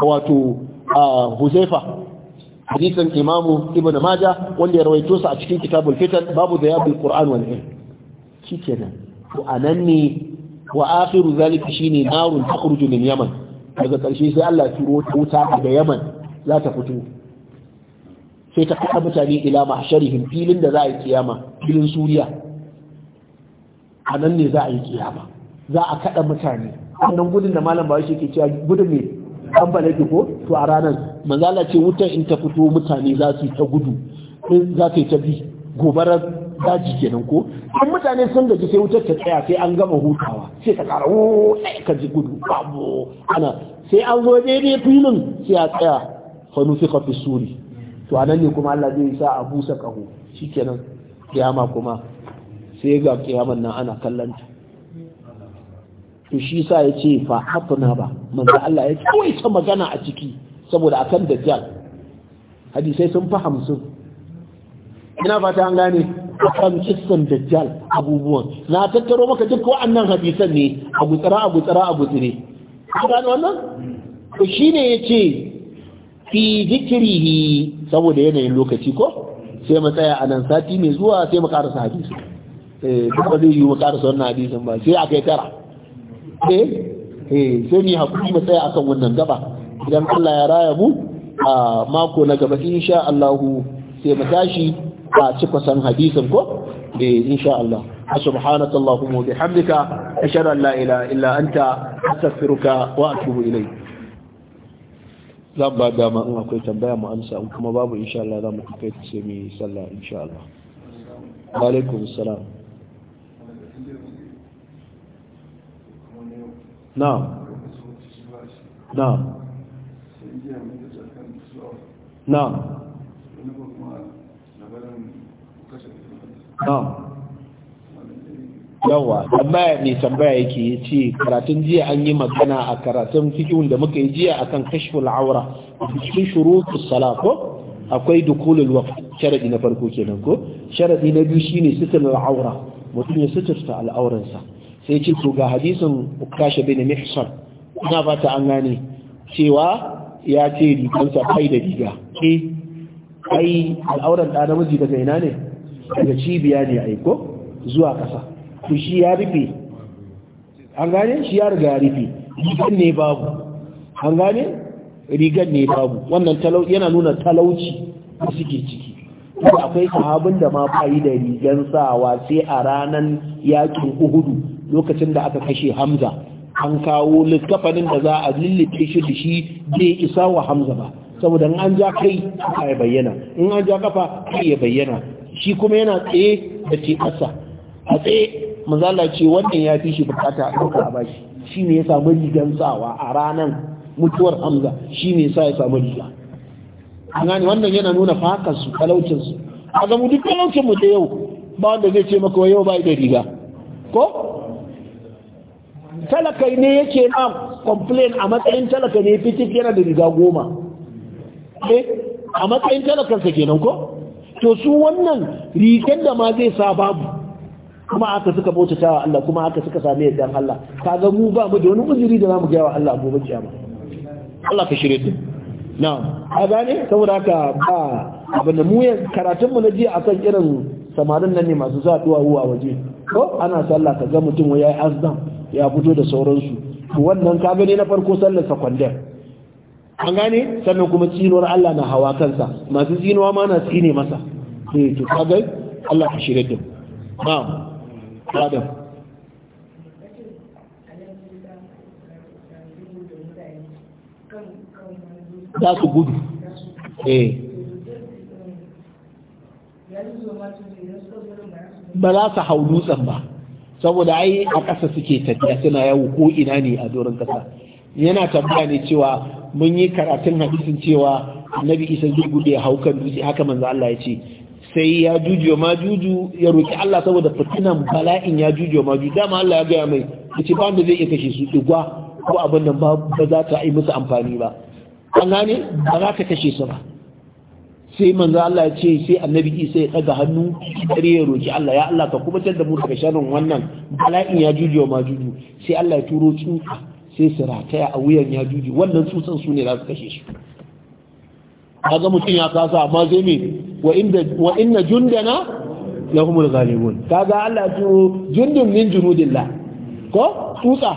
wato a huzaifa hadisin imamu ibnu maja wanda ya rawaito sa a cikin kitabul fitan babu da yabul qur'an wal ilm kenan to anan ne wa akhiru zalika shine narun takhruju min yaman daga karshe sai Allah ya turo wuta daga yaman za ta fito sai ta kada mutane ila mahsharihim filin da za a yi kiyama filin suriya anan ne za a yi kiyama za a kada mutane wannan gudun da malam bawo shi cewa gudun ne an balage ko to a ranar manzala ce wutar in ta fito mutane za su yi ta gudu za su yi ta bi gobarar daji kenan ko in mutane sun gaji sai wutar ta tsaya sai an gama hutawa sai ta ƙara ɗaya ka ji gudu babu ana sai an zo daidai filin sai a tsaya fa nufi fi suri to anan ne kuma Allah zai sa a busa ƙaho shikenan kiyama kuma sai ga kiyaman nan ana kallon ta to shi sa ya ce fa hafna ba manzo Allah ya kawaita magana a ciki saboda akan dajjal hadisai sun fi ina fata an gane akan kissan dajjal abubuwan na tattaro maka duk wa'annan hadisan ne a gutsara a gutsara a gutsire an gano wannan to shine yace fi zikrihi saboda yanayin lokaci ko sai mu tsaya a nan sati mai zuwa sai mu karasa hadisi eh duk ba zai yi mu karasa wannan hadisin ba sai akai tara eh eh sai ni hakuri mu tsaya akan wannan gaba idan Allah ya raya mu a mako na gaba insha Allah sai mu tashi a ci kusan hadisin ko eh insha Allah subhanaka allahumma wa bihamdika ashhadu an la ilaha illa anta astaghfiruka wa atubu ilayk zan ba dama in akwai tambaya mu amsa in kuma babu insha Allah za mu kai ta sai mu yi sallah insha Allah wa alaikum salam na'am na'am na'am yawa tambaya ne tambaya yake ya karatun jiya an yi magana a karatun fikihun da muka yi jiya akan kashful aura cikin shurutus sala ko akwai dukulul waqt sharadi na farko kenan ko sharadi na biyu shine sitrul aura mutum ya sitirta al'auransa sai ce to ga hadisin ukasha bin mihsan ina ta an gane cewa ya ce rigansa bai da riga eh ai al'auran da namiji daga ina ne daga cibiya ne aiko zuwa ƙasa ku shi ya rufe an gane shi ya riga ya rufe rigan ne babu an gane rigan ne babu wannan talau yana nuna talauci da suke ciki kuma akwai sahabin da ma fayi da rigan sawa sai a ranan yakin uhudu lokacin da aka kashe hamza an kawo littafanin da za a lullufe shi da shi bai isa wa hamza ba saboda in an ja kai ya bayyana in an ja kafa kai ya bayyana shi kuma yana tsaye da ce ƙasa a tsaye mazala ce wannan ya fi shi bukata a ɗauka a bashi shi ne ya samu rigan sawa a ranar mutuwar hamza shi ne sa ya samu riga an gani wannan yana nuna fakansu su, a zama duk mu ta yau ba wanda zai ce maka yau ba da riga ko talakai ne yake na complain a matsayin talaka ne fitif yana da riga goma eh a matsayin talakarsa kenan ko to su wannan rigar da ma zai sa babu kuma aka suka bautata wa Allah kuma aka suka same yadda Allah kaga mu ba mu da wani uzuri da zamu gaya wa Allah gobe kiyama Allah ka shirye din na'am a gane saboda haka ba abin da mu karatun mu na jiya akan irin samarin nan ne masu sa duwa waje ko ana sallah ka ga mutum ya yi azdam ya fito da sauransu wannan ka gani na farko sallar sakwandar an gane sannan kuma tsinuwar Allah na hawa kansa masu tsinuwa ma na tsine masa eh to kaga Allah ka shirye da eh. ba za su hau dutsen ba saboda ai a ƙasa suke tafiya suna yawo ko ina ne a doron ƙasa yana tambaya ne cewa mun yi karatun hadisin cewa annabi isa zai gude hau kan dutse haka manzo Allah ya ce sai ya juju ma juju ya roƙi Allah saboda fitinan bala'in ya juju ma juju dama Allah ya gaya mai ce ba wanda zai iya kashe su digwa ko abin da ba za ta yi musu amfani ba an gane ba za ta kashe su ba sai manzo Allah ya ce sai annabi Isa ya daga hannu dare ya roki Allah ya Allah ka kuma da mu daga sharrin wannan bala'in ya juju ma juju sai Allah ya turo tsuka sai su a wuyan ya juju wannan tsutsan su ne za su kashe shi kaga mutum ya kasa amma zai me wa inda wa inna jundana lahumul ghalibun kaga Allah ji jundun min junudillah ko tsutsa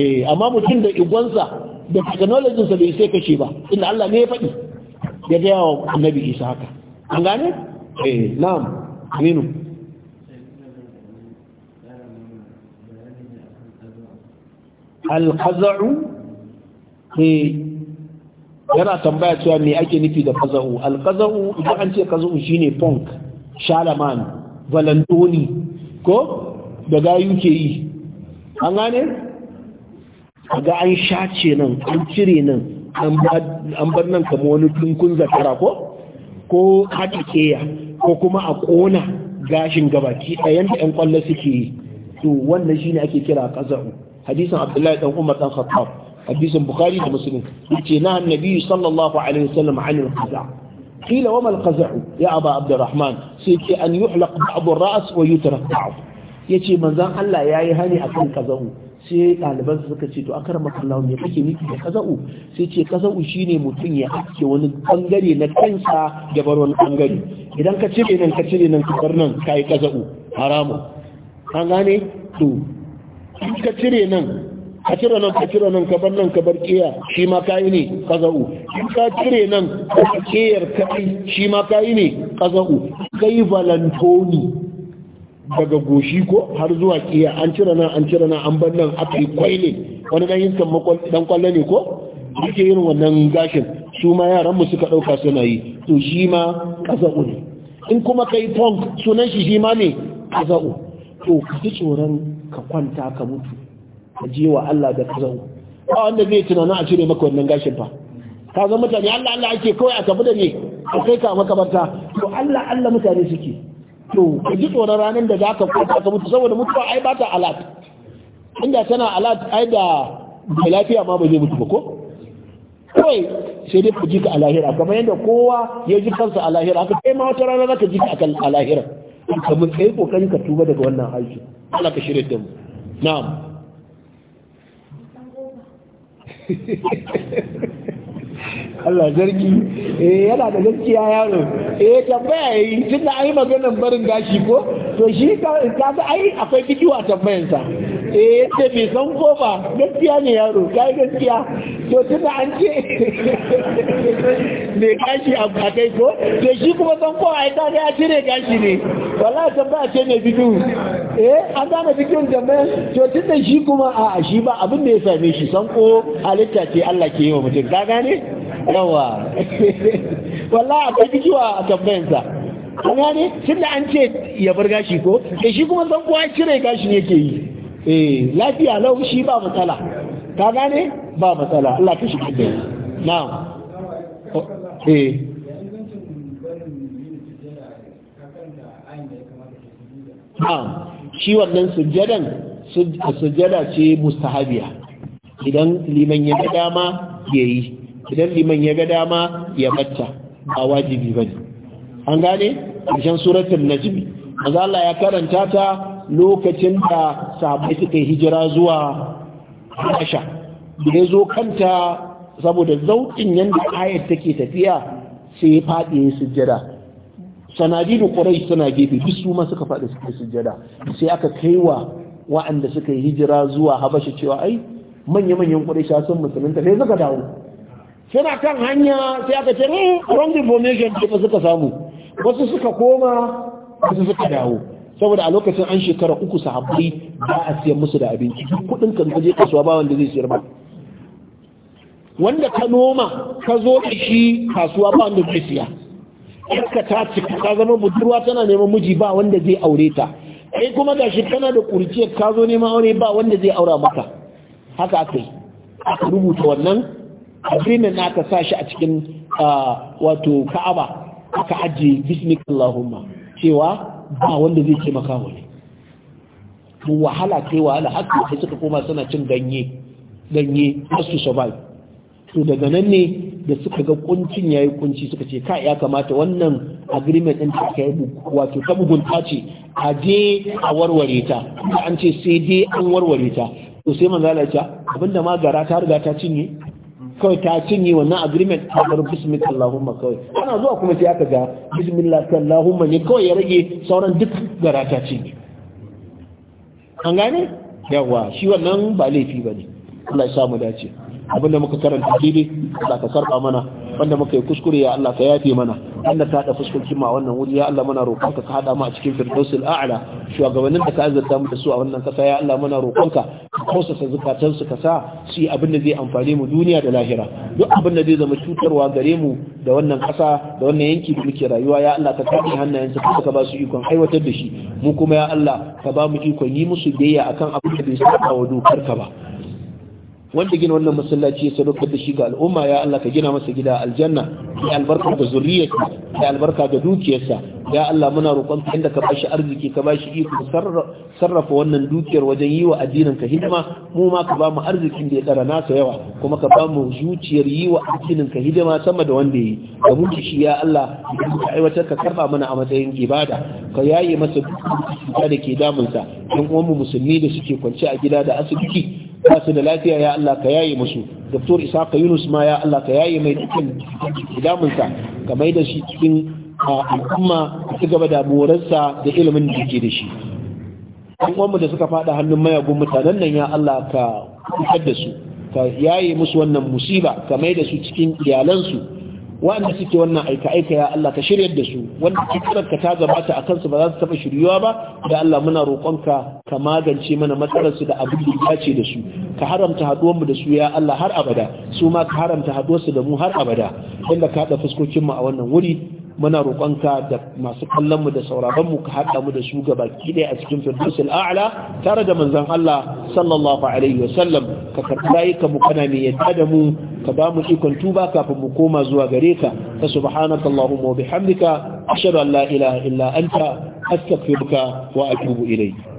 eh amma mutum da igonsa da technology sa bai sai kashi ba inda Allah ne ya fadi ya ga yawo annabi Isa haka an gane eh na'am aminu al qazu eh, yana tambaya cewa me ake nufi da kaza'u alkaza'u idan an ce kaza'u shine punk shalaman valentoni ko da gayu yi an gane ga an shace nan an cire nan an bar nan kama wani tunkun zakara ko ko haɗi keya ko kuma a ƙona gashin gabaki a yanda 'yan ƙwallo suke yi to wannan shine ake kira kaza'u Hadisan abdullahi ɗan umar ɗan khattab hadisin bukhari da muslim yace na annabi sallallahu alaihi wasallam an al-qaza qila ma al-qaza ya aba abdurrahman sai ce an yuhlaq ba'd ar-ra's wa yutrak ba'd yace manzon Allah ya yi hani akan qaza'u sai ɗaliban suka ce to akar makallahu ne kake nufi da kaza'u sai ce kaza'u shine mutum ya ake wani bangare na kansa da bar bangare idan ka cire nan ka cire nan ka bar nan kai kaza'u haramu an to in ka cire nan ka cire nan ka cire nan ka bar nan ka bar kiya shi ma kayi ne kaza'u in ka cire nan ka kiyar kai shi ma kayi ne kaza'u kai valantoni daga goshi ko har zuwa kiya an cire nan an cire nan an bar nan aka yi kwaile wani dan yinkan dan kwallo ne ko yake yin wannan gashin su ma yaran mu suka dauka suna yi to shi ma kaza'u ne in kuma kai punk sunan shi shi ma ne kaza'u to ka ci tsoron ka kwanta ka mutu ka wa Allah da kazan ba wanda zai tunanin a cire maka wannan gashin fa ka zama mutane Allah Allah ake kawai a tafi da ne a kai ka makabarta to Allah Allah mutane suke to ka ji tsoron ranar da za ka kwanta ka mutu saboda mutuwa ai ba ta alat inda tana alat ai da mai lafiya ma ba zai mutu ba ko kawai sai dai ku ji ka a lahira kamar yadda kowa ya ji kansa a lahira haka kai ma wata rana za ka ji ka akan a lahira kamar kai kokarin ka tuba daga wannan aiki Allah ka shirye da mu na'am Allah zargi eh yana da gaskiya yaro eh tambaya yayi tunda ai maganar barin gashi ko to shi ka ai akwai bidiyo a sa eh ya ce bai san ko ba gaskiya ne yaro ya yi gaskiya to tuna an ce mai gashi a kai ko to shi kuma san ko a ita ya cire gashi ne wala ta ba ce mai bidu eh an gane bidu da mai to tuna shi kuma a shi ba abin da ya same shi san ko halitta ce Allah ke yi wa mutum ka gane yawa wallahi akwai bidiyo a tambayansa an gane tun da an ce ya bar gashi ko da shi kuma san kowa cire ne yake yi eh lafiya lau shi ba matsala ka gane ba matsala Allah ka shi kake na'am oh, eh na'am shi wannan sujjadan sujjada ce mustahabiya idan liman ya ga dama yayi idan liman ya ga dama ya bacca ba wajibi bane an gane ƙarshen suratul najmi Maza Allah ya karanta ta lokacin da sabai suka hijira zuwa Habasha da ya zo kanta saboda zaukin yanda ayat take tafiya sai ya faɗi ya sujjada Sanadin ƙurai suna gefe duk su ma suka faɗi suka sujjada sai aka kaiwa wa'anda suka yi hijira zuwa Habasha cewa ai manya-manyan ƙurai sun ta, sai suka dawo suna kan hanya sai aka ce hmm, wrong information ce suka samu wasu suka koma wasu suka dawo saboda a lokacin an shekara uku sahabbai ba a siyan musu da abinci duk kudin kan kaje kasuwa ba wanda zai siyar ba wanda ka noma ka zo da shi kasuwa ba wanda zai siya ka ta cika ka zama budurwa tana neman miji ba wanda zai aure ta kai kuma shi kana da kurciyar ka zo neman aure ba wanda zai aura maka haka aka yi aka rubuta wannan agreement aka sa shi a cikin ah, wato ka'aba aka ajiye bismillahumma cewa ba wanda zai taimaka wani to wahala kai wahala haka sai suka koma suna cin ganye ganye just to to daga nan ne da suka ga kuncin yayi kunci suka ce ka ya kamata wannan agreement din take yi wato ta bugunta ce a je a warware ta an ce sai dai an warware ta to sai manzala ya ce abinda ma gara ta riga ta cinye kawai ta cinye wannan agreement ta bar bismillah Allahumma kawai ana zuwa kuma sai aka ga bismillah Allahumma ne kawai ya rage sauran duk gara ta cinye an gane yawa shi wannan ba laifi ba bane Allah ya sa mu dace abinda muka karanta daidai Allah ka karba mana wanda muka yi kuskure ya Allah ka yafe mana Allah ka hada fuskokin ma a wannan wuri ya Allah muna roƙonka ka hada mu a cikin firdausul a'la shugabannin da ka azurta mu da su a wannan kasa ya Allah muna roƙonka ka kausasa zukatan su ka sa su abin da zai amfane mu duniya da lahira duk abin da zai zama cutarwa gare mu da wannan kasa da wannan yanki da muke rayuwa ya Allah ka kaɗe hannayen su ka ba su ikon aiwatar da shi mu kuma ya Allah ka ba mu ikon yi musu biyayya akan abin da bai saba wa dokar ka ba wanda gina wannan masallaci ya sadaukar da shi ga al'umma ya Allah ka gina masa gida aljanna ya albarka da zuriyarsa ya albarka da dukiyarsa ya Allah muna roƙon ka inda ka bashi arziki ka bashi iko sarrafa wannan dukiyar wajen yi wa addinin ka hidima mu ma ka bamu arzikin da ya tsara nasa yawa kuma ka bamu zuciyar yi wa addinin ka hidima sama da wanda yi da mu shi ya Allah ka aiwatar ka karba mana a matsayin ibada ka yaye masa dukkan da ke damunsa ɗan uwan mu musulmi da suke kwance a gida da asibiti ba su da lafiya ya Allah ka yaye musu doktor isaka yunus ma ya Allah ka yaye mai dukkan damunsa ka mai da shi cikin al'umma ta gaba da morarsa da ilimin da yake da shi an uwanmu da suka faɗa hannun mayagun mutanen nan ya Allah ka fitar da su ka yaye musu wannan musiba ka mai da su cikin iyalansu wanda suke wannan aika-aika ya Allah ka shirya da su wanda ka ta gabata a kansu ba za su taɓa shiryuwa ba da Allah muna roƙonka ka magance mana matsalarsu da abin da ce da su ka haramta haɗuwanmu da su ya Allah har abada su ma ka haramta haɗuwarsu da mu har abada inda ka haɗa fuskokinmu a wannan wuri muna roƙonka da masu kallonmu mu da sauraron mu ka haɗa mu da su baki ɗaya a cikin firdaus al'ala tare da manzon Allah sallallahu alaihi wasallam ka karɓi rayuka mu kana mai yadda da mu ka ba mu ikon tuba kafin mu koma zuwa gare ka ta subhanaka allahumma wa bihamdika ashhadu an illa anta astaghfiruka wa atubu ilayk